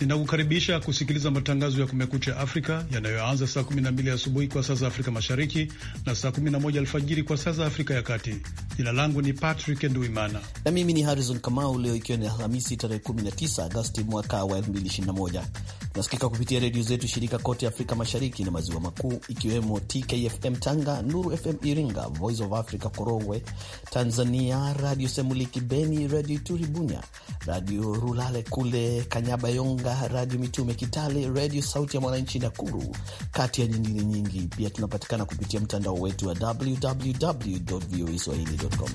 Ninakukaribisha kusikiliza matangazo ya Kumekucha Afrika yanayoanza saa 12 asubuhi kwa saa za Afrika Mashariki na saa 11 alfajiri kwa saa za Afrika ya Kati. Jina langu ni Patrick Nduimana na mimi ni Harrison Kamau. Leo ikiwa ni Alhamisi tarehe 19 Agosti mwaka wa 2021 Tunasikika kupitia redio zetu shirika kote Afrika Mashariki na Maziwa Makuu, ikiwemo TKFM Tanga, Nuru FM Iringa, Voice of Africa Korogwe Tanzania, Radio Semuliki Beni, Radio Ituri Bunya, Radio Rulale kule Kanyabayonga, Radio Mitume Kitale, Radio Sauti ya Mwananchi Nakuru, kati ya nyingine nyingi. Pia tunapatikana kupitia mtandao wetu wa www voa swahili.com.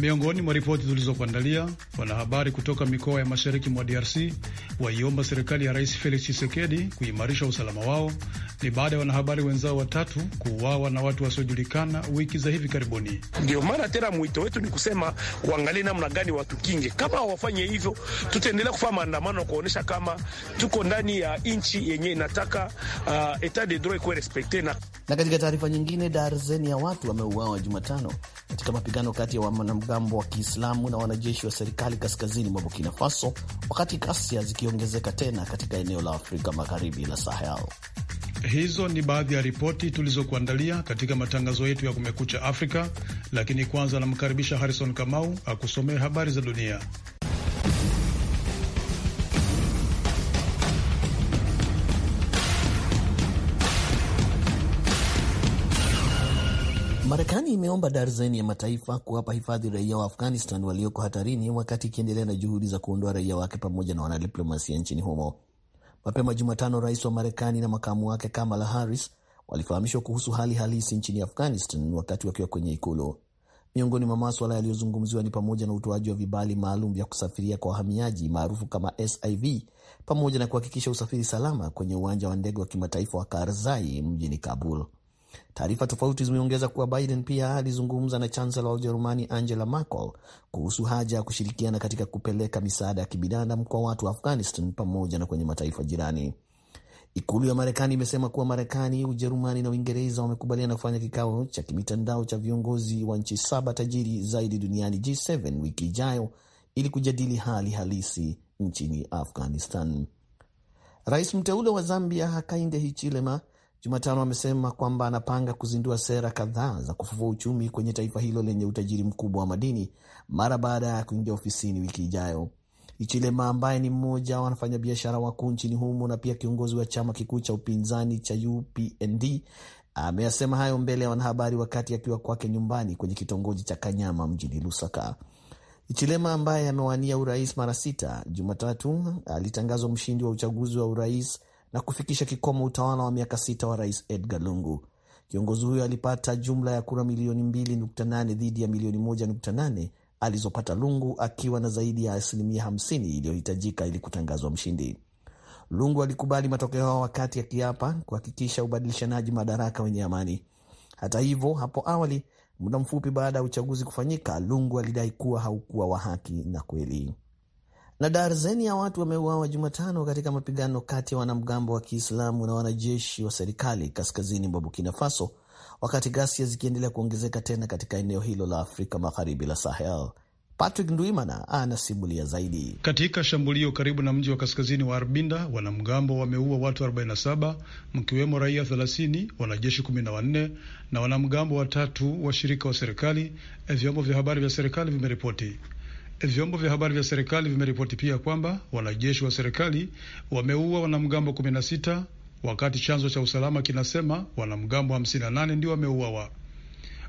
Miongoni mwa ripoti zilizokuandalia, wanahabari kutoka mikoa ya mashariki mwa DRC waiomba serikali ya Rais Felix Tshisekedi kuimarisha usalama wao ni baada ya wanahabari wenzao watatu kuuawa na watu wasiojulikana wiki za hivi karibuni. Ndio maana tena mwito wetu ni kusema uangalie namna gani watukinge. Kama hawafanye hivyo, tutaendelea kufanya maandamano kuonyesha kama tuko ndani ya nchi yenye inataka uh, etat de droit kuwe respekte. Na katika taarifa nyingine, darzeni ya watu wameuawa Jumatano katika mapigano kati ya wanamgambo wa Kiislamu na wanajeshi wa serikali kaskazini mwa Burkina Faso, wakati ghasia zikiongezeka tena katika eneo la Afrika magharibi la Sahel. Hizo ni baadhi ya ripoti tulizokuandalia katika matangazo yetu ya Kumekucha Afrika, lakini kwanza anamkaribisha Harrison Kamau akusomee habari za dunia. Marekani imeomba darzeni ya mataifa kuwapa hifadhi raia wa Afghanistan walioko hatarini wakati ikiendelea na juhudi za kuondoa raia wake pamoja na wanadiplomasia nchini humo. Mapema Jumatano, rais wa Marekani na makamu wake Kamala Harris walifahamishwa kuhusu hali halisi nchini Afghanistan wakati wakiwa kwenye Ikulu. Miongoni mwa maswala yaliyozungumziwa ni pamoja na utoaji wa vibali maalum vya kusafiria kwa wahamiaji maarufu kama SIV pamoja na kuhakikisha usafiri salama kwenye uwanja wa ndege wa kimataifa wa Karzai mjini Kabul. Taarifa tofauti zimeongeza kuwa Biden pia alizungumza na chansela wa Ujerumani Angela Merkel kuhusu haja ya kushirikiana katika kupeleka misaada ya kibinadamu kwa watu wa Afghanistan pamoja na kwenye mataifa jirani. Ikulu ya Marekani imesema kuwa Marekani, Ujerumani na Uingereza wamekubaliana kufanya kikao cha kimitandao cha viongozi wa nchi saba tajiri zaidi duniani G7 wiki ijayo ili kujadili hali halisi nchini Afghanistan. Rais mteule wa Zambia Hakainde Hichilema Jumatano amesema kwamba anapanga kuzindua sera kadhaa za kufufua uchumi kwenye taifa hilo lenye utajiri mkubwa wa madini mara baada ya kuingia ofisini wiki ijayo. Ichilema ambaye ni mmoja wa wafanyabiashara wakuu nchini humo na pia kiongozi wa chama kikuu cha upinzani cha UPND ameyasema hayo mbele ya wanahabari wakati akiwa kwake nyumbani kwenye kitongoji cha Kanyama mjini Lusaka. Ichilema ambaye amewania urais mara sita, Jumatatu alitangazwa mshindi wa uchaguzi wa urais na kufikisha kikomo utawala wa miaka sita wa Rais Edgar Lungu. Kiongozi huyo alipata jumla ya kura milioni 2.8 dhidi ya milioni 1.8 alizopata Lungu, akiwa na zaidi ya asilimia 50 iliyohitajika ili kutangazwa mshindi. Lungu alikubali matokeo hayo wakati akiapa kuhakikisha ubadilishanaji madaraka wenye amani. Hata hivyo, hapo awali, muda mfupi baada ya uchaguzi kufanyika, Lungu alidai kuwa haukuwa wa haki na kweli. Na darzeni ya watu wameuawa Jumatano katika mapigano kati ya wanamgambo wa Kiislamu na wanajeshi wa serikali kaskazini mwa Burkina Faso, wakati ghasia zikiendelea kuongezeka tena katika eneo hilo la Afrika magharibi la Sahel. Patrick Ndwimana anasimulia zaidi. Katika shambulio karibu na mji wa kaskazini wa Arbinda, wanamgambo wameua watu 47 mkiwemo raia 30, wanajeshi 14 na wanamgambo watatu washirika wa serikali, eh, vyombo vya habari vya serikali vimeripoti. Vyombo vya habari vya serikali vimeripoti pia kwamba wanajeshi wa serikali wameua wanamgambo 16 wakati chanzo cha usalama kinasema wanamgambo 58 ndio wameuawa.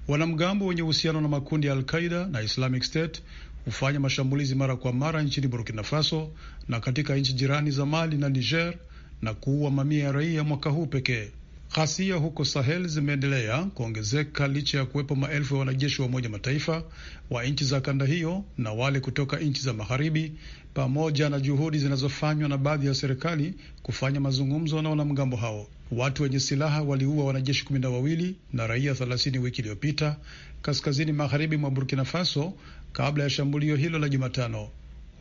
Wanamgambo wenye uhusiano na makundi ya Al-Qaida na Islamic State hufanya mashambulizi mara kwa mara nchini Burkina Faso na katika nchi jirani za Mali na Niger na kuua mamia ya raia mwaka huu pekee. Ghasia huko Sahel zimeendelea kuongezeka licha ya kuwepo maelfu ya wanajeshi wa Umoja Mataifa wa nchi za kanda hiyo na wale kutoka nchi za magharibi, pamoja na juhudi zinazofanywa na baadhi ya serikali kufanya mazungumzo na wanamgambo hao. Watu wenye silaha waliua wanajeshi kumi na wawili na raia thelathini wiki iliyopita kaskazini magharibi mwa Burkina Faso kabla ya shambulio hilo la Jumatano.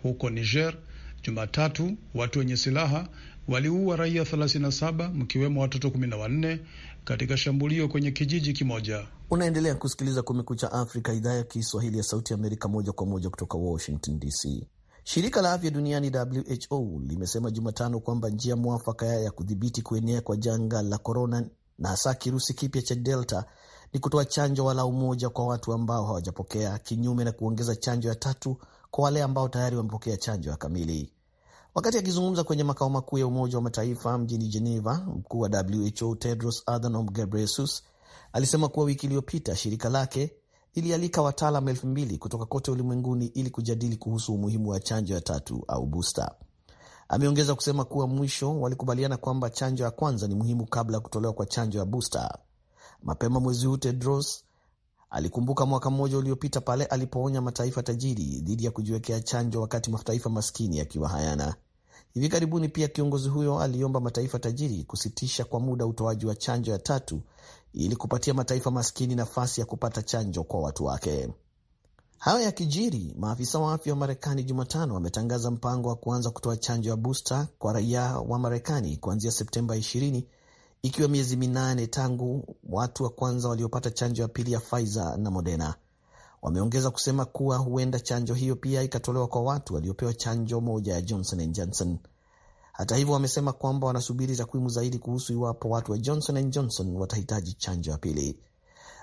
Huko Niger Jumatatu, watu wenye silaha waliua raia 37 mkiwemo watoto 14 katika shambulio kwenye kijiji kimoja. Unaendelea kusikiliza Kumekucha Afrika, idhaa ya Kiswahili ya Sauti Amerika, moja kwa moja kutoka Washington DC. Shirika la afya duniani WHO limesema Jumatano kwamba njia mwafaka ya kudhibiti kuenea kwa janga la korona na hasa kirusi kipya cha Delta ni kutoa chanjo wala umoja kwa watu ambao hawajapokea, kinyume na kuongeza chanjo ya tatu kwa wale ambao tayari wamepokea chanjo ya kamili. Wakati akizungumza kwenye makao makuu ya Umoja wa Mataifa mjini Geneva, mkuu wa WHO Tedros Adhanom Ghebreyesus alisema kuwa wiki iliyopita shirika lake lilialika wataalam elfu mbili kutoka kote ulimwenguni ili kujadili kuhusu umuhimu wa chanjo ya tatu au busta. Ameongeza kusema kuwa mwisho walikubaliana kwamba chanjo ya kwanza ni muhimu kabla ya kutolewa kwa chanjo ya busta. Mapema mwezi huu Tedros Alikumbuka mwaka mmoja uliopita pale alipoonya mataifa tajiri dhidi ya kujiwekea chanjo wakati mataifa maskini yakiwa hayana. Hivi karibuni pia kiongozi huyo aliomba mataifa tajiri kusitisha kwa muda utoaji wa chanjo ya tatu ili kupatia mataifa maskini nafasi ya kupata chanjo kwa watu wake. Hayo kijiri maafisa wa afya wa Marekani Jumatano wametangaza mpango wa kuanza kutoa chanjo ya busta kwa raia wa Marekani kuanzia Septemba ikiwa miezi minane tangu watu wa kwanza waliopata chanjo ya pili ya Pfizer na Moderna. Wameongeza kusema kuwa huenda chanjo hiyo pia ikatolewa kwa watu waliopewa chanjo moja ya Johnson and Johnson. Hata hivyo, wamesema kwamba wanasubiri takwimu zaidi kuhusu iwapo watu wa Johnson and Johnson watahitaji chanjo ya pili.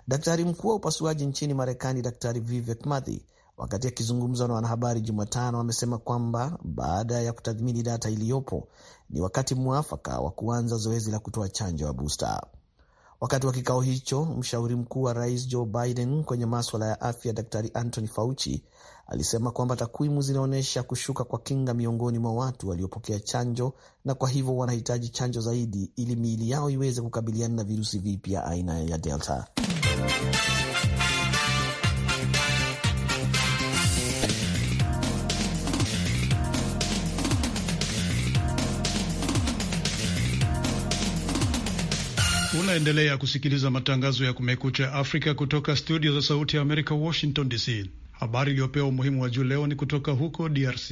Daktari mkuu wa upasuaji nchini Marekani, Daktari Vivek Murthy Wakati akizungumza na wanahabari Jumatano, amesema kwamba baada ya kutathmini data iliyopo ni wakati mwafaka wa kuanza zoezi la kutoa chanjo ya busta Wakati wa kikao hicho, mshauri mkuu wa rais Joe Biden kwenye maswala ya afya, Daktari Anthony Fauci alisema kwamba takwimu zinaonyesha kushuka kwa kinga miongoni mwa watu waliopokea chanjo na kwa hivyo wanahitaji chanjo zaidi ili miili yao iweze kukabiliana na virusi vipya aina ya Delta. Unaendelea kusikiliza matangazo ya Kumekucha Afrika kutoka studio za Sauti ya Amerika, Washington DC. Habari iliyopewa umuhimu wa juu leo ni kutoka huko DRC.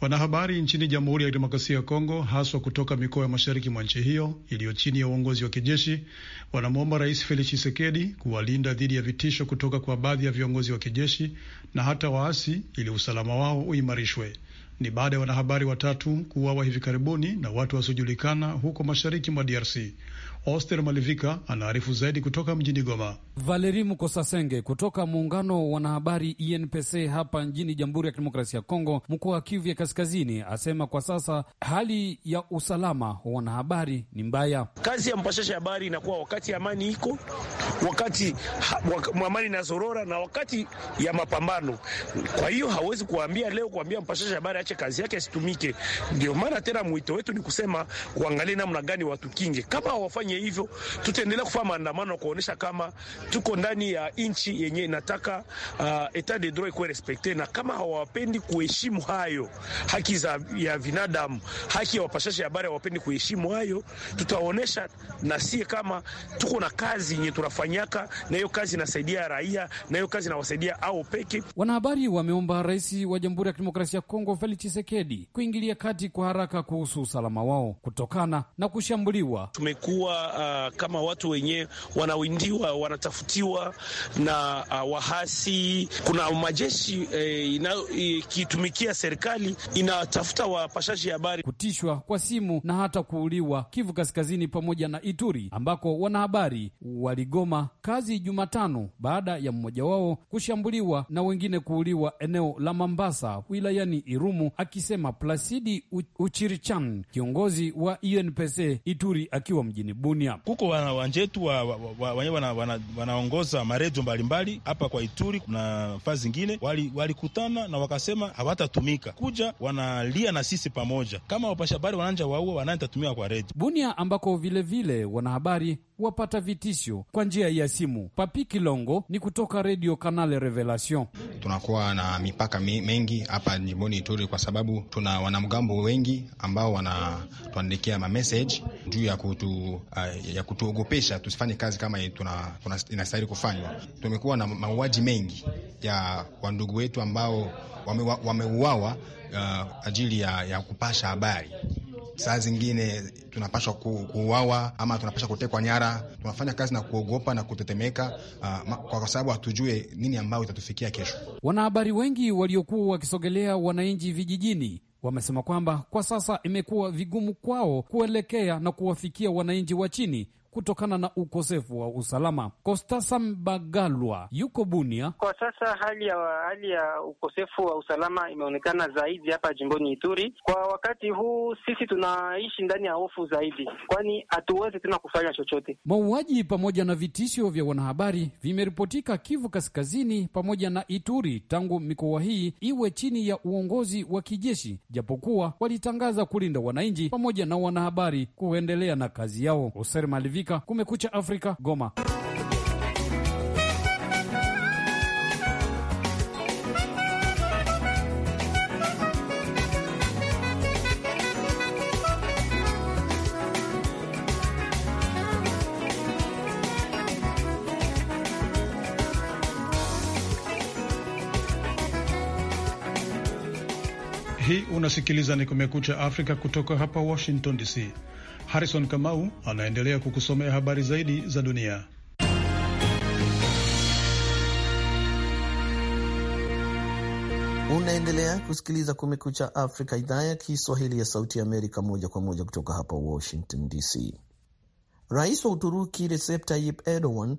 Wanahabari nchini Jamhuri ya Kidemokrasia ya Kongo, haswa kutoka mikoa ya mashariki mwa nchi hiyo iliyo chini ya uongozi wa kijeshi, wanamwomba Rais Felix Tshisekedi kuwalinda dhidi ya vitisho kutoka kwa baadhi ya viongozi wa kijeshi na hata waasi ili usalama wao uimarishwe. Ni baada ya wanahabari watatu kuuawa hivi karibuni na watu wasiojulikana huko mashariki mwa DRC. Oster Malivika anaarifu zaidi kutoka mjini Goma. Valeri Mukosasenge kutoka muungano wa wanahabari INPC e hapa nchini Jamhuri ya Kidemokrasia ya Kongo, mkoa wa Kivu ya Kaskazini, asema kwa sasa hali ya usalama wa wanahabari ni mbaya. Kazi ya mpashasha habari inakuwa wakati amani iko, wakati amani inazorora na wakati ya mapambano. Kwa hiyo hawezi kuambia leo, kuambia mpashasha habari ache kazi yake asitumike. Ndio maana tena mwito wetu ni kusema kuangalia namna gani watukinge kama hawafanyi tufanye hivyo, tutaendelea kufanya maandamano kuonyesha kama tuko ndani ya nchi yenye inataka uh, etat de droit ikuwe respekte, na kama hawapendi kuheshimu hayo haki za ya binadamu, haki ya wapashashi habari hawapendi kuheshimu hayo, tutaonyesha na sie kama tuko na kazi yenye tunafanyaka, na hiyo kazi inasaidia raia, na hiyo kazi inawasaidia au peke. Wanahabari wameomba rais wa Jamhuri ya Kidemokrasia ya Kongo Felix Tshisekedi kuingilia kati kwa haraka kuhusu usalama wao kutokana na kushambuliwa. Tumekuwa uh, kama watu wenyewe wanawindiwa, wanatafutiwa na uh, wahasi. Kuna majeshi eh, serikali inatafuta wapashaji habari, kutishwa kwa simu na hata kuuliwa Kivu Kaskazini pamoja na Ituri ambako wanahabari waligoma kazi Jumatano baada ya mmoja wao kushambuliwa na wengine kuuliwa eneo la Mambasa wilayani Irumu, akisema Plasidi Uchirichan, kiongozi wa UNPC Ituri, akiwa mjini Bu karibuni. Kuko wanjetu wenyewe wa, wa, wanaongoza maredio mbalimbali hapa kwa Ituri na fazi zingine walikutana wali na wakasema hawatatumika kuja, wanalia na sisi pamoja, kama wapashabari wananja waua wanaetatumika kwa redio Bunia, ambako vilevile wanahabari wapata vitisho kwa njia ya simu. Papi Kilongo ni kutoka Radio Kanale Revelation. Tunakuwa na mipaka mengi hapa jimboni Ituri kwa sababu tuna wanamgambo wengi ambao wanatuandikia mamessage juu ya kutu Uh, ya kutuogopesha tusifanye kazi kama inastahili kufanywa. Tumekuwa na mauaji mengi ya wandugu wetu ambao wameuawa wame uh, ajili ya, ya kupasha habari saa zingine tunapashwa kuuawa ama tunapashwa kutekwa nyara. Tunafanya kazi na kuogopa na kutetemeka, uh, kwa sababu hatujue nini ambayo itatufikia kesho. Wanahabari wengi waliokuwa wakisogelea wananchi vijijini wamesema kwamba kwa sasa imekuwa vigumu kwao kuelekea na kuwafikia wananchi wa chini kutokana na ukosefu wa usalama. Kostasa Mbagalwa yuko Bunia. Kwa sasa hali ya, hali ya ukosefu wa usalama imeonekana zaidi hapa jimboni Ituri. Kwa wakati huu sisi tunaishi ndani ya hofu zaidi, kwani hatuwezi tena kufanya chochote. Mauaji pamoja na vitisho vya wanahabari vimeripotika Kivu Kaskazini pamoja na Ituri tangu mikoa hii iwe chini ya uongozi wa kijeshi, japokuwa walitangaza kulinda wananchi pamoja na wanahabari kuendelea na kazi yao. Oser Malivika Kumekucha Afrika, Goma. Unasikiliza ni Kumekucha Afrika kutoka hapa Washington DC. Harrison Kamau anaendelea kukusomea habari zaidi za dunia. Unaendelea kusikiliza Kumekucha Afrika, idhaa ya Kiswahili ya Sauti ya Amerika, moja kwa moja kutoka hapa Washington DC. Rais wa Uturuki Recep Tayyip Erdogan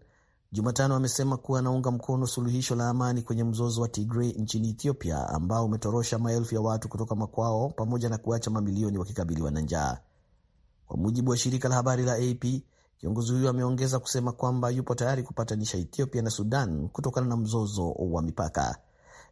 Jumatano amesema kuwa anaunga mkono suluhisho la amani kwenye mzozo wa Tigray nchini Ethiopia ambao umetorosha maelfu ya watu kutoka makwao pamoja na kuacha mamilioni wakikabiliwa na njaa. Kwa mujibu wa shirika la habari la AP, kiongozi huyo ameongeza kusema kwamba yupo tayari kupatanisha Ethiopia na Sudan kutokana na mzozo wa mipaka.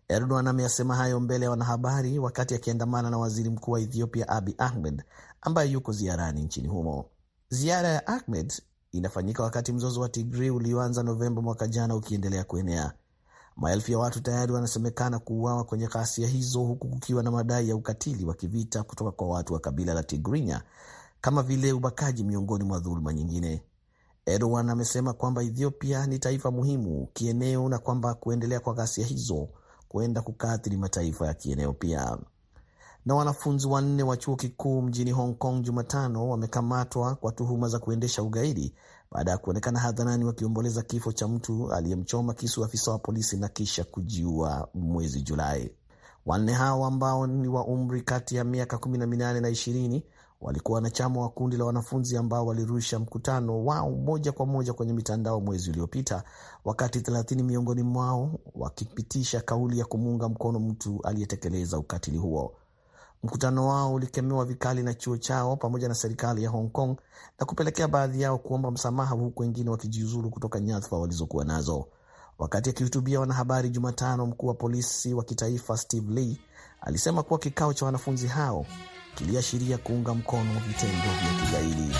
Erdogan ameyasema hayo mbele ya wanahabari wakati akiandamana na waziri mkuu wa Ethiopia Abiy Ahmed ambaye yuko ziarani nchini humo. Ziara ya Ahmed inafanyika wakati mzozo wa Tigray ulioanza Novemba mwaka jana ukiendelea kuenea. Maelfu ya watu tayari wanasemekana kuuawa kwenye ghasia hizo, huku kukiwa na madai ya ukatili wa kivita kutoka kwa watu wa kabila la Tigrinya kama vile ubakaji, miongoni mwa dhuluma nyingine. Erdogan amesema kwamba Ethiopia ni taifa muhimu kieneo na kwamba kuendelea kwa ghasia hizo kuenda kukaathiri mataifa ya kieneo pia na wanafunzi wanne wa chuo kikuu mjini Hong Kong Jumatano wamekamatwa kwa tuhuma za kuendesha ugaidi baada ya kuonekana hadharani wakiomboleza kifo cha mtu aliyemchoma kisu afisa wa polisi na kisha kujiua mwezi Julai. Wanne hao ambao ni wa umri kati ya miaka 18 na 20 walikuwa wanachama wa kundi la wanafunzi ambao walirusha mkutano wao moja kwa moja kwenye mitandao mwezi uliopita, wakati 30 miongoni mwao wakipitisha kauli ya kumuunga mkono mtu aliyetekeleza ukatili huo. Mkutano wao ulikemewa vikali na chuo chao pamoja na serikali ya Hong Kong na kupelekea baadhi yao kuomba msamaha, huku wengine wakijiuzulu kutoka nyadhifa walizokuwa nazo. Wakati akihutubia wanahabari Jumatano, mkuu wa polisi wa kitaifa Steve Lee alisema kuwa kikao cha wanafunzi hao kiliashiria kuunga mkono vitendo vya kigaidi.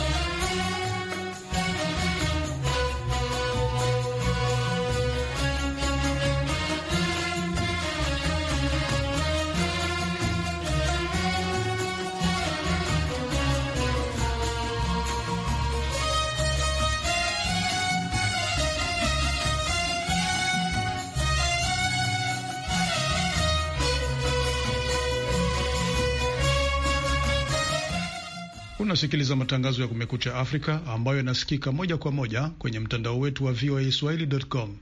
Unasikiliza matangazo ya Kumekucha Afrika ambayo yanasikika moja kwa moja kwenye mtandao wetu wa VOA Swahili.com.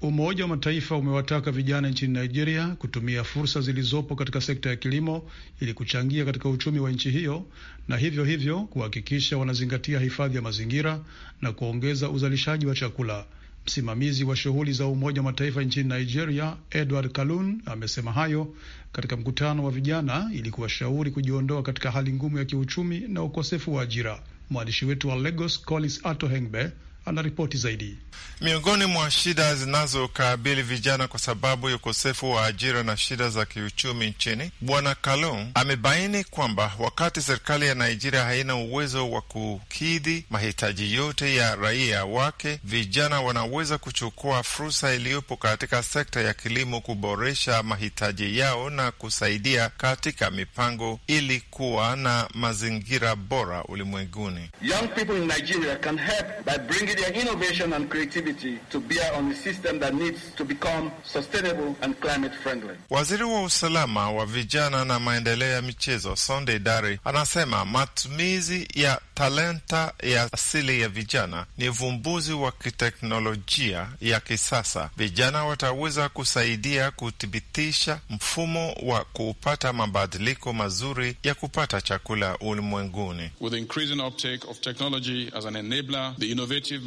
Umoja wa Mataifa umewataka vijana nchini Nigeria kutumia fursa zilizopo katika sekta ya kilimo ili kuchangia katika uchumi wa nchi hiyo na hivyo hivyo kuhakikisha wanazingatia hifadhi ya mazingira na kuongeza uzalishaji wa chakula. Msimamizi wa shughuli za Umoja wa Mataifa nchini Nigeria, Edward Kalun, amesema hayo katika mkutano wa vijana ili kuwashauri kujiondoa katika hali ngumu ya kiuchumi na ukosefu wa ajira. Mwandishi wetu wa Lagos, Collins Ato Hengbe, anaripoti zaidi. Miongoni mwa shida zinazokabili vijana kwa sababu ya ukosefu wa ajira na shida za kiuchumi nchini, Bwana Kalon amebaini kwamba wakati serikali ya Nigeria haina uwezo wa kukidhi mahitaji yote ya raia wake, vijana wanaweza kuchukua fursa iliyopo katika sekta ya kilimo kuboresha mahitaji yao na kusaidia katika mipango ili kuwa na mazingira bora ulimwenguni. Young people in Nigeria can help by bringing be their innovation and creativity to bear on a system that needs to become sustainable and climate friendly. Waziri wa usalama wa vijana na maendeleo ya michezo Sunday Dare anasema matumizi ya talenta ya asili ya vijana ni uvumbuzi wa kiteknolojia ya kisasa. Vijana wataweza kusaidia kuthibitisha mfumo wa kupata mabadiliko mazuri ya kupata chakula ulimwenguni. With increasing uptake of technology as an enabler, the innovative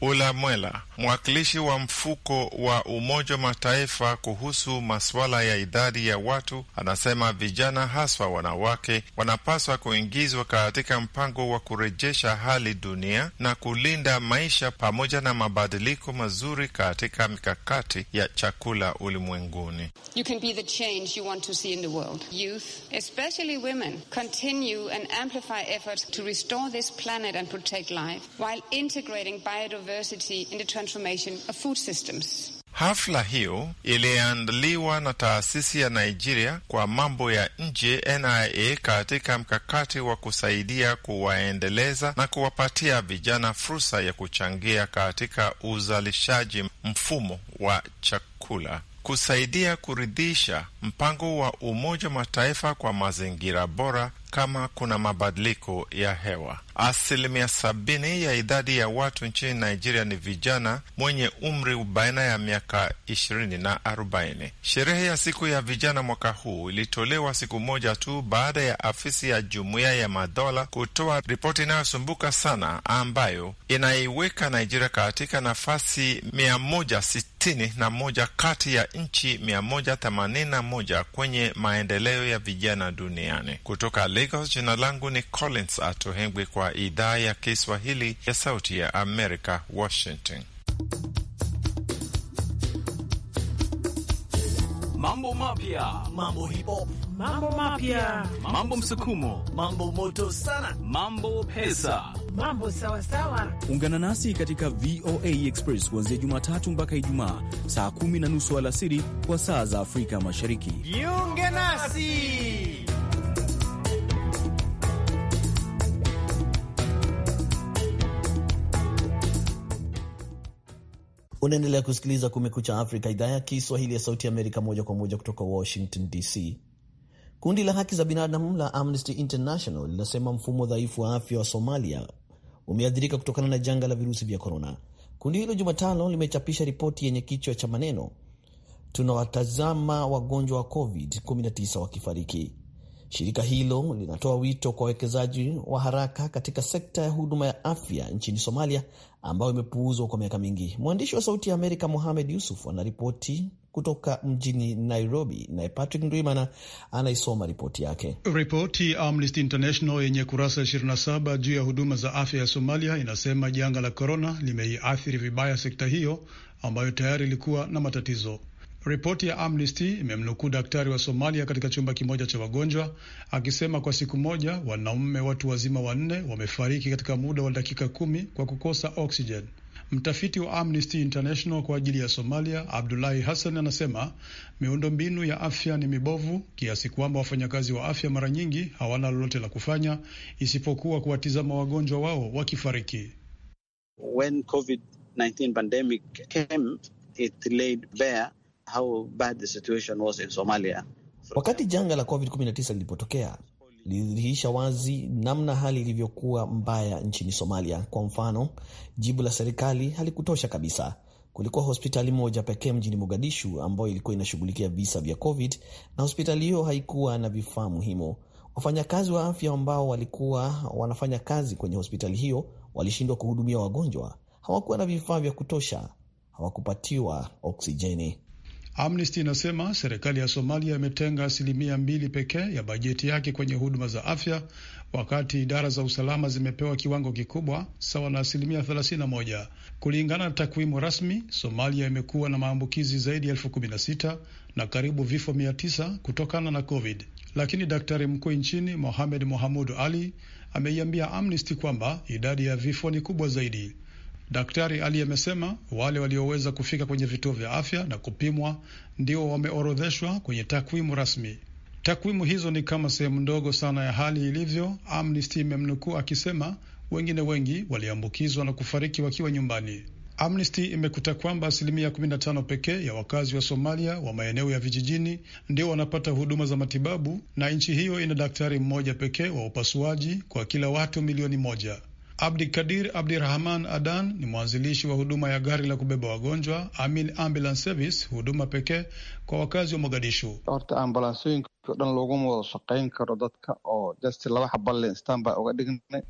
Ula Mwela, mwakilishi wa mfuko wa Umoja Mataifa kuhusu masuala ya idadi ya watu, anasema vijana, haswa wanawake, wanapaswa kuingizwa katika mpango wa kurejesha hali dunia na kulinda maisha pamoja na mabadiliko mazuri katika mikakati ya chakula ulimwenguni. You can be the change you want to see in the world. Youth, especially women, continue and amplify efforts to restore this planet and protect life while integrating biodiversity in the transformation of food systems. Hafla hiyo iliandaliwa na taasisi ya Nigeria kwa mambo ya nje NIA katika mkakati wa kusaidia kuwaendeleza na kuwapatia vijana fursa ya kuchangia katika uzalishaji mfumo wa chakula, kusaidia kuridhisha mpango wa Umoja Mataifa kwa mazingira bora kama kuna mabadiliko ya hewa. Asilimia sabini ya idadi ya watu nchini Nigeria ni vijana mwenye umri baina ya miaka ishirini na arobaini. Sherehe ya siku ya vijana mwaka huu ilitolewa siku moja tu baada ya afisi ya Jumuiya ya Madola kutoa ripoti inayosumbuka sana ambayo inaiweka Nigeria katika nafasi mia moja sitini na moja kati ya nchi mia moja themanini moja kwenye maendeleo ya vijana duniani. Kutoka Lagos, jina langu ni Collins Atohengwi kwa idhaa ya Kiswahili ya Sauti ya Amerika, Washington. Mambo mapya, mambo hip mambo mapya, mambo msukumo, mambo moto sana, mambo pesa mambo sawa sawa. Ungana nasi katika VOA Express kuanzia Jumatatu mpaka Ijumaa saa kumi na nusu alasiri kwa saa za Afrika Mashariki. Jiunge nasi. Unaendelea kusikiliza Kumekucha Afrika, idhaa ya Kiswahili ya Sauti Amerika, moja kwa moja kutoka Washington DC. Kundi la haki za binadamu la Amnesty International linasema mfumo dhaifu wa afya wa Somalia umeathirika kutokana na janga la virusi vya korona. Kundi hilo Jumatano limechapisha ripoti yenye kichwa cha maneno tunawatazama wagonjwa wa COVID-19 wakifariki. Shirika hilo linatoa wito kwa wawekezaji wa haraka katika sekta ya huduma ya afya nchini Somalia ambayo imepuuzwa kwa miaka mingi. Mwandishi wa Sauti ya Amerika Mohamed Yusuf anaripoti kutoka mjini Nairobi, naye Patrick Ndwimana anaisoma ripoti yake. Ripoti ya Amnesty International yenye kurasa 27 juu ya huduma za afya ya Somalia inasema janga la korona limeiathiri vibaya sekta hiyo ambayo tayari ilikuwa na matatizo. Ripoti ya Amnesty imemnukuu daktari wa Somalia katika chumba kimoja cha wagonjwa akisema kwa siku moja wanaume watu wazima wanne wamefariki katika muda wa dakika kumi kwa kukosa oksijeni. Mtafiti wa Amnesty International kwa ajili ya Somalia, Abdulahi Hassan, anasema miundombinu ya afya ni mibovu kiasi kwamba wafanyakazi wa afya mara nyingi hawana lolote la kufanya isipokuwa kuwatizama wagonjwa wao wakifariki. When COVID-19 pandemic came, it laid bare how bad the situation was in Somalia. Wakati janga la COVID-19 lilipotokea, lilidhihirisha wazi namna hali ilivyokuwa mbaya nchini Somalia. Kwa mfano, jibu la serikali halikutosha kabisa. Kulikuwa hospitali moja pekee mjini Mogadishu ambayo ilikuwa inashughulikia visa vya COVID na hospitali hiyo haikuwa na vifaa muhimu. Wafanyakazi wa afya ambao walikuwa wanafanya kazi kwenye hospitali hiyo walishindwa kuhudumia wagonjwa, hawakuwa na vifaa vya kutosha, hawakupatiwa oksijeni. Amnesty inasema serikali ya Somalia imetenga asilimia mbili pekee ya bajeti yake kwenye huduma za afya, wakati idara za usalama zimepewa kiwango kikubwa sawa na asilimia 31. Kulingana na takwimu rasmi, Somalia imekuwa na maambukizi zaidi ya elfu kumi na sita na karibu vifo mia kutokana na COVID, lakini daktari mkuu nchini Mohamed Mohamudu Ali ameiambia Amnesty kwamba idadi ya vifo ni kubwa zaidi. Daktari Ali amesema wale walioweza kufika kwenye vituo vya afya na kupimwa ndio wameorodheshwa kwenye takwimu rasmi. Takwimu hizo ni kama sehemu ndogo sana ya hali ilivyo, Amnesty imemnukuu akisema wengine wengi waliambukizwa na kufariki wakiwa nyumbani. Amnesty imekuta kwamba asilimia 15 pekee ya wakazi wa Somalia wa maeneo ya vijijini ndio wanapata huduma za matibabu, na nchi hiyo ina daktari mmoja pekee wa upasuaji kwa kila watu milioni moja. Abdikadir Abdirahman Adan ni mwanzilishi wa huduma ya gari la kubeba wagonjwa Amin Ambulance Service, huduma pekee kwa wakazi wa Mogadishu. Horta ambulansooyinka dhan looguma wada shaqayn karo dadka oo just laba xabale standby uga dhignay.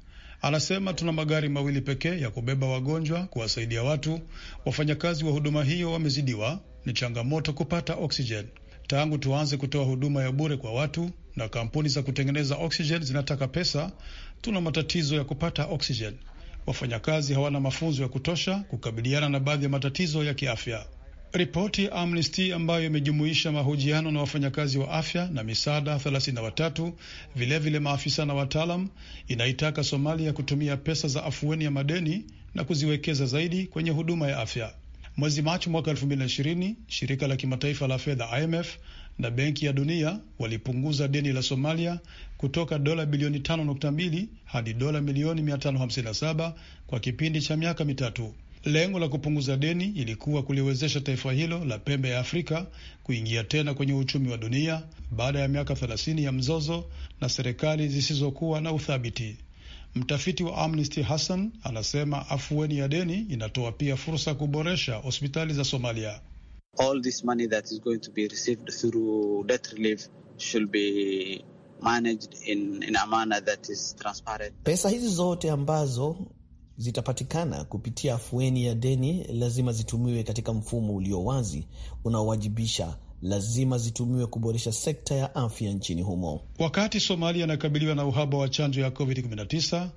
Anasema tuna magari mawili pekee ya kubeba wagonjwa kuwasaidia watu. Wafanyakazi wa huduma hiyo wamezidiwa, ni changamoto kupata oxygen. Tangu tuanze kutoa huduma ya bure kwa watu na kampuni za kutengeneza oxygen zinataka pesa, tuna matatizo ya kupata oksijen. wafanyakazi hawana mafunzo ya kutosha kukabiliana na baadhi ya matatizo ya kiafya. Ripoti ya Amnesty ambayo imejumuisha mahojiano na wafanyakazi wa afya na misaada 33 vilevile maafisa na wataalam, inaitaka Somalia kutumia pesa za afueni ya madeni na kuziwekeza zaidi kwenye huduma ya afya. Mwezi Machi mwaka 2020 shirika la kimataifa la fedha IMF na Benki ya Dunia walipunguza deni la Somalia kutoka dola bilioni 5.2 hadi dola milioni 557 kwa kipindi cha miaka mitatu. Lengo la kupunguza deni ilikuwa kuliwezesha taifa hilo la pembe ya Afrika kuingia tena kwenye uchumi wa dunia baada ya miaka 30 ya mzozo na serikali zisizokuwa na uthabiti. Mtafiti wa Amnesty Hassan anasema afueni ya deni inatoa pia fursa kuboresha hospitali za Somalia all this money that is going to be received through debt relief should be managed in, in a manner that is transparent. Pesa hizi zote ambazo zitapatikana kupitia afueni ya deni lazima zitumiwe katika mfumo ulio wazi unaowajibisha lazima zitumiwe kuboresha sekta ya afya nchini humo. Wakati Somalia inakabiliwa na uhaba wa chanjo ya COVID-19,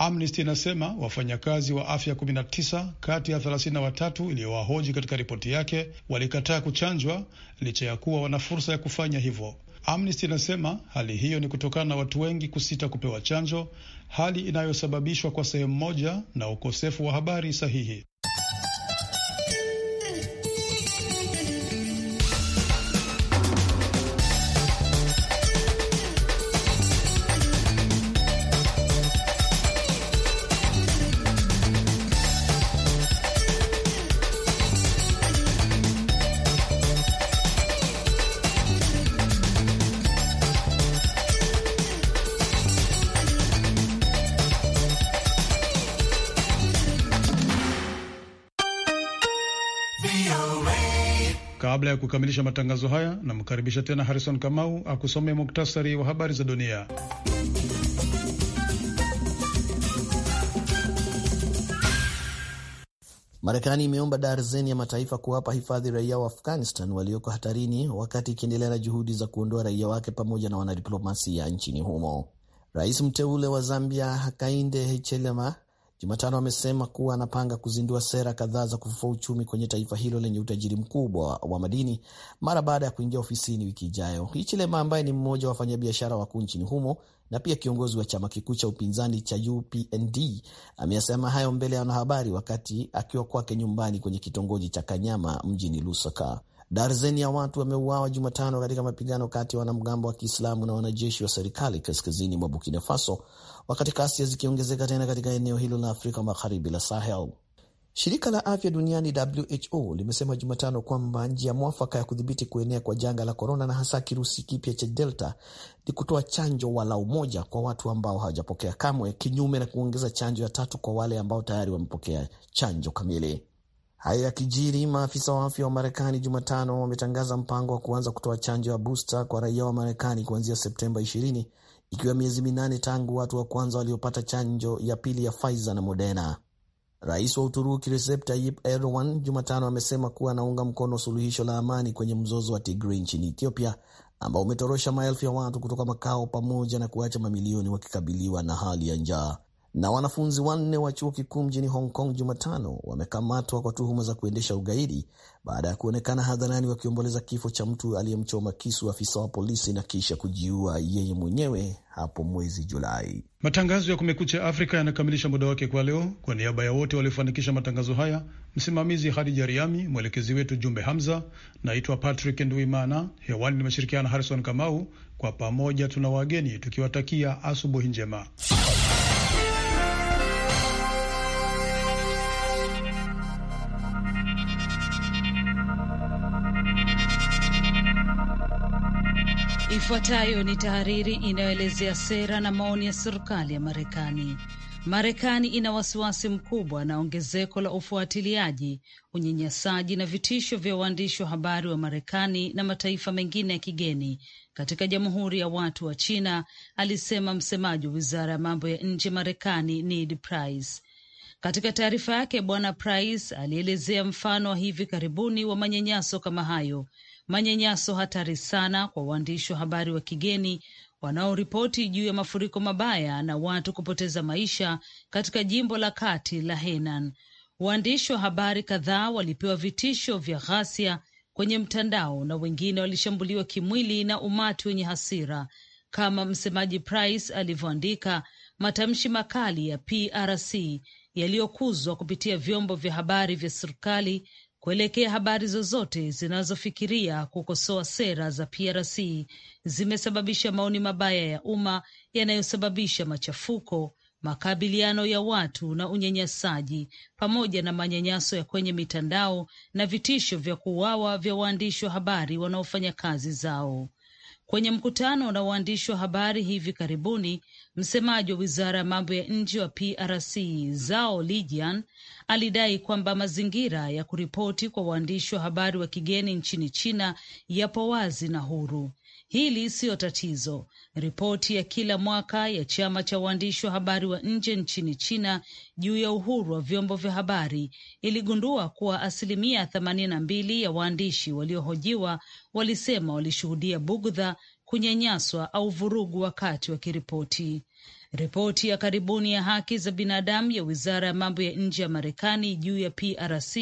Amnesty inasema wafanyakazi wa afya 19 kati ya 33 iliyowahoji katika ripoti yake walikataa kuchanjwa licha ya kuwa wana fursa ya kufanya hivyo. Amnesty inasema hali hiyo ni kutokana na watu wengi kusita kupewa chanjo, hali inayosababishwa kwa sehemu moja na ukosefu wa habari sahihi. Kabla ya kukamilisha matangazo haya, namkaribisha tena Harrison Kamau akusome muktasari wa habari za dunia. Marekani imeomba darzeni ya mataifa kuwapa hifadhi raia wa Afghanistan walioko hatarini, wakati ikiendelea na juhudi za kuondoa raia wake pamoja na wanadiplomasia nchini humo. Rais mteule wa Zambia Hakainde Hichilema Jumatano amesema kuwa anapanga kuzindua sera kadhaa za kufufua uchumi kwenye taifa hilo lenye utajiri mkubwa wa madini mara baada ya kuingia ofisini wiki ijayo. Hichilema ambaye ni mmoja wa wafanyabiashara wakuu nchini humo na pia kiongozi wa chama kikuu cha upinzani cha UPND ameyasema hayo mbele ya wanahabari wakati akiwa kwake nyumbani kwenye kitongoji cha Kanyama mjini Lusaka. Darzeni ya watu wameuawa Jumatano katika mapigano kati ya wanamgambo wa Kiislamu na wanajeshi wa serikali kaskazini mwa Burkina Faso, wakati kasia zikiongezeka tena katika eneo hilo la Afrika Magharibi la Sahel. Shirika la afya duniani WHO limesema Jumatano kwamba njia mwafaka ya kudhibiti kuenea kwa janga la korona na hasa kirusi kipya cha Delta ni kutoa chanjo walau moja kwa watu ambao hawajapokea kamwe, kinyume na kuongeza chanjo ya tatu kwa wale ambao tayari wamepokea chanjo kamili. Hayo yakijiri, maafisa wa afya wa Marekani Jumatano wametangaza mpango wa kuanza kutoa chanjo ya busta kwa raia wa Marekani kuanzia Septemba ikiwa miezi minane tangu watu wa kwanza waliopata chanjo ya pili ya Pfizer na Moderna. Rais wa Uturuki Recep Tayyip Erdogan Jumatano amesema kuwa anaunga mkono suluhisho la amani kwenye mzozo wa Tigray nchini Ethiopia ambao umetorosha maelfu ya watu kutoka makao pamoja na kuacha mamilioni wakikabiliwa na hali ya njaa na wanafunzi wanne wa chuo kikuu mjini Hong Kong Jumatano wamekamatwa kwa tuhuma za kuendesha ugaidi baada ya kuonekana hadharani wakiomboleza kifo cha mtu aliyemchoma kisu afisa wa polisi na kisha kujiua yeye mwenyewe hapo mwezi Julai. Matangazo ya Kumekucha Afrika yanakamilisha muda wake kwa leo. Kwa niaba ya wote waliofanikisha matangazo haya, msimamizi Hadija Riami, mwelekezi wetu Jumbe Hamza. Naitwa Patrick Nduimana, hewani nimeshirikiana Harrison Kamau. Kwa pamoja tuna wageni tukiwatakia asubuhi njema. Ifuatayo ni tahariri inayoelezea sera na maoni ya serikali ya Marekani. Marekani ina wasiwasi mkubwa na ongezeko la ufuatiliaji, unyanyasaji na vitisho vya waandishi wa habari wa Marekani na mataifa mengine ya kigeni katika Jamhuri ya Watu wa China, alisema msemaji wa wizara ya mambo ya nje Marekani Ned Price. Katika taarifa yake, Bwana Price alielezea mfano wa hivi karibuni wa manyanyaso kama hayo manyanyaso hatari sana kwa waandishi wa habari wa kigeni wanaoripoti juu ya mafuriko mabaya na watu kupoteza maisha katika jimbo la kati la Henan. Waandishi wa habari kadhaa walipewa vitisho vya ghasia kwenye mtandao na wengine walishambuliwa kimwili na umati wenye hasira. Kama msemaji Price alivyoandika, matamshi makali ya PRC yaliyokuzwa kupitia vyombo vya habari vya serikali kuelekea habari zozote zinazofikiria kukosoa sera za PRC zimesababisha maoni mabaya ya umma yanayosababisha machafuko, makabiliano ya watu na unyanyasaji, pamoja na manyanyaso ya kwenye mitandao na vitisho vya kuuawa vya waandishi wa habari wanaofanya kazi zao. Kwenye mkutano na waandishi wa habari hivi karibuni, msemaji wa wizara ya mambo ya nje wa PRC Zao Lijian alidai kwamba mazingira ya kuripoti kwa waandishi wa habari wa kigeni nchini China yapo wazi na huru, hili siyo tatizo. Ripoti ya kila mwaka ya chama cha waandishi wa habari wa nje nchini China juu ya uhuru wa vyombo vya habari iligundua kuwa asilimia themanini na mbili ya waandishi waliohojiwa walisema walishuhudia bugdha kunyanyaswa au vurugu wakati wakiripoti. Ripoti ya karibuni ya haki za binadamu ya wizara ya mambo ya nje ya Marekani juu ya PRC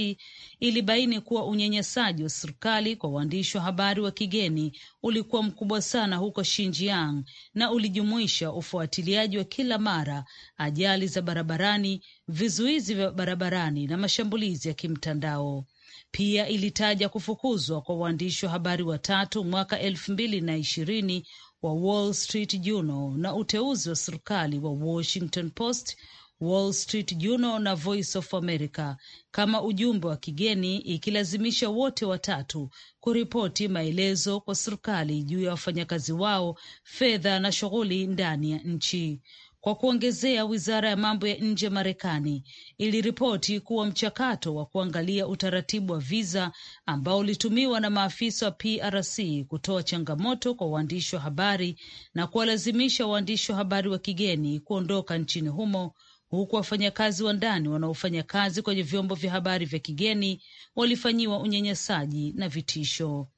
ilibaini kuwa unyanyasaji wa serikali kwa waandishi wa habari wa kigeni ulikuwa mkubwa sana huko Xinjiang na ulijumuisha ufuatiliaji wa kila mara, ajali za barabarani, vizuizi vya barabarani na mashambulizi ya kimtandao pia ilitaja kufukuzwa kwa waandishi wa habari watatu mwaka elfu mbili na ishirini wa Wall Street Journal na uteuzi wa serikali wa Washington Post, Wall Street Journal na Voice of America kama ujumbe wa kigeni, ikilazimisha wote watatu kuripoti maelezo kwa serikali juu ya wafanyakazi wao, fedha na shughuli ndani ya nchi. Kwa kuongezea, wizara ya mambo ya nje ya Marekani iliripoti kuwa mchakato wa kuangalia utaratibu wa viza ambao ulitumiwa na maafisa wa PRC kutoa changamoto kwa waandishi wa habari na kuwalazimisha waandishi wa habari wa kigeni kuondoka nchini humo huku wafanyakazi wa ndani wanaofanya kazi kwenye vyombo vya habari vya kigeni walifanyiwa unyanyasaji na vitisho.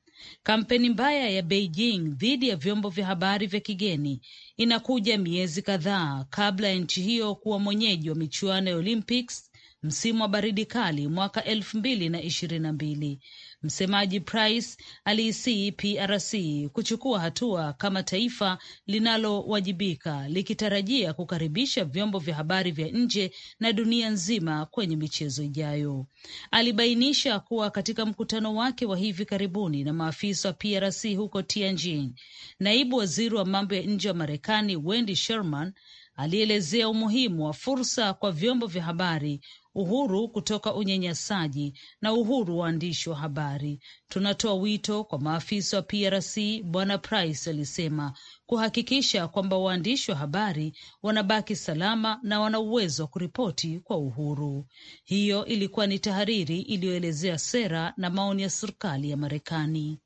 Kampeni mbaya ya Beijing dhidi ya vyombo vya habari vya kigeni inakuja miezi kadhaa kabla ya nchi hiyo kuwa mwenyeji wa michuano ya Olympics msimu wa baridi kali mwaka elfu mbili na ishirini na mbili Msemaji Price aliisii PRC kuchukua hatua kama taifa linalowajibika likitarajia kukaribisha vyombo vya habari vya nje na dunia nzima kwenye michezo ijayo. Alibainisha kuwa katika mkutano wake wa hivi karibuni na maafisa wa PRC huko Tianjin, naibu waziri wa mambo ya nje wa Marekani Wendy Sherman alielezea umuhimu wa fursa kwa vyombo vya habari, uhuru kutoka unyanyasaji na uhuru wa waandishi wa habari. Tunatoa wito kwa maafisa wa PRC, Bwana Price alisema, kuhakikisha kwamba waandishi wa habari wanabaki salama na wana uwezo wa kuripoti kwa uhuru. Hiyo ilikuwa ni tahariri iliyoelezea sera na maoni ya serikali ya Marekani.